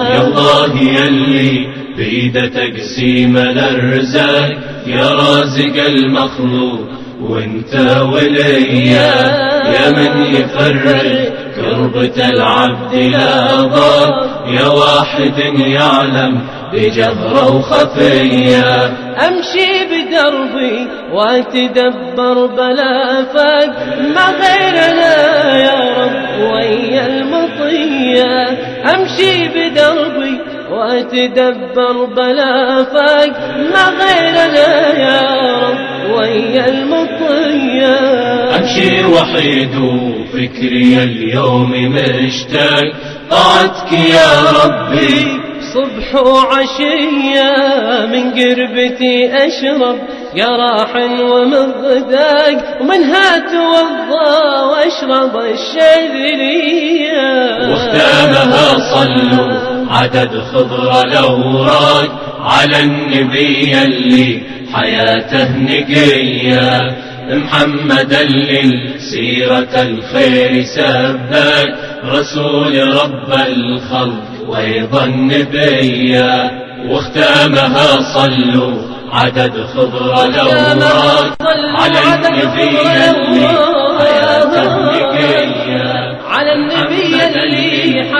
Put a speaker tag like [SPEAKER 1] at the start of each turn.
[SPEAKER 1] يا الله يلي بيد تقسيم الأرزاق يا رازق المخلوق وانت وليا يا من يفرج كربة العبد لا ضار يا واحد يعلم بجهرة وخفية
[SPEAKER 2] أمشي بدربي وأتدبر بلا فاق ما غيرنا أمشي بدربي وأتدبر بلا فاق ما غيرنا يا رب ويا المطية أمشي
[SPEAKER 1] وحيد وفكري اليوم مشتاق طاعتك يا ربي
[SPEAKER 2] صبح وعشية من قربتي أشرب قراح ومضداق ومنها توضى واشرب الشذرية واختامها صلوا
[SPEAKER 1] عدد خضر الأوراق على النبي اللي حياته نقية محمدا للسيرة الخير سباك رسول رب الخلق وأيضا نبيا واختامها صلوا عدد
[SPEAKER 2] خضر الأوراق على النبي اللي حياته نقية على النبي اللي حياته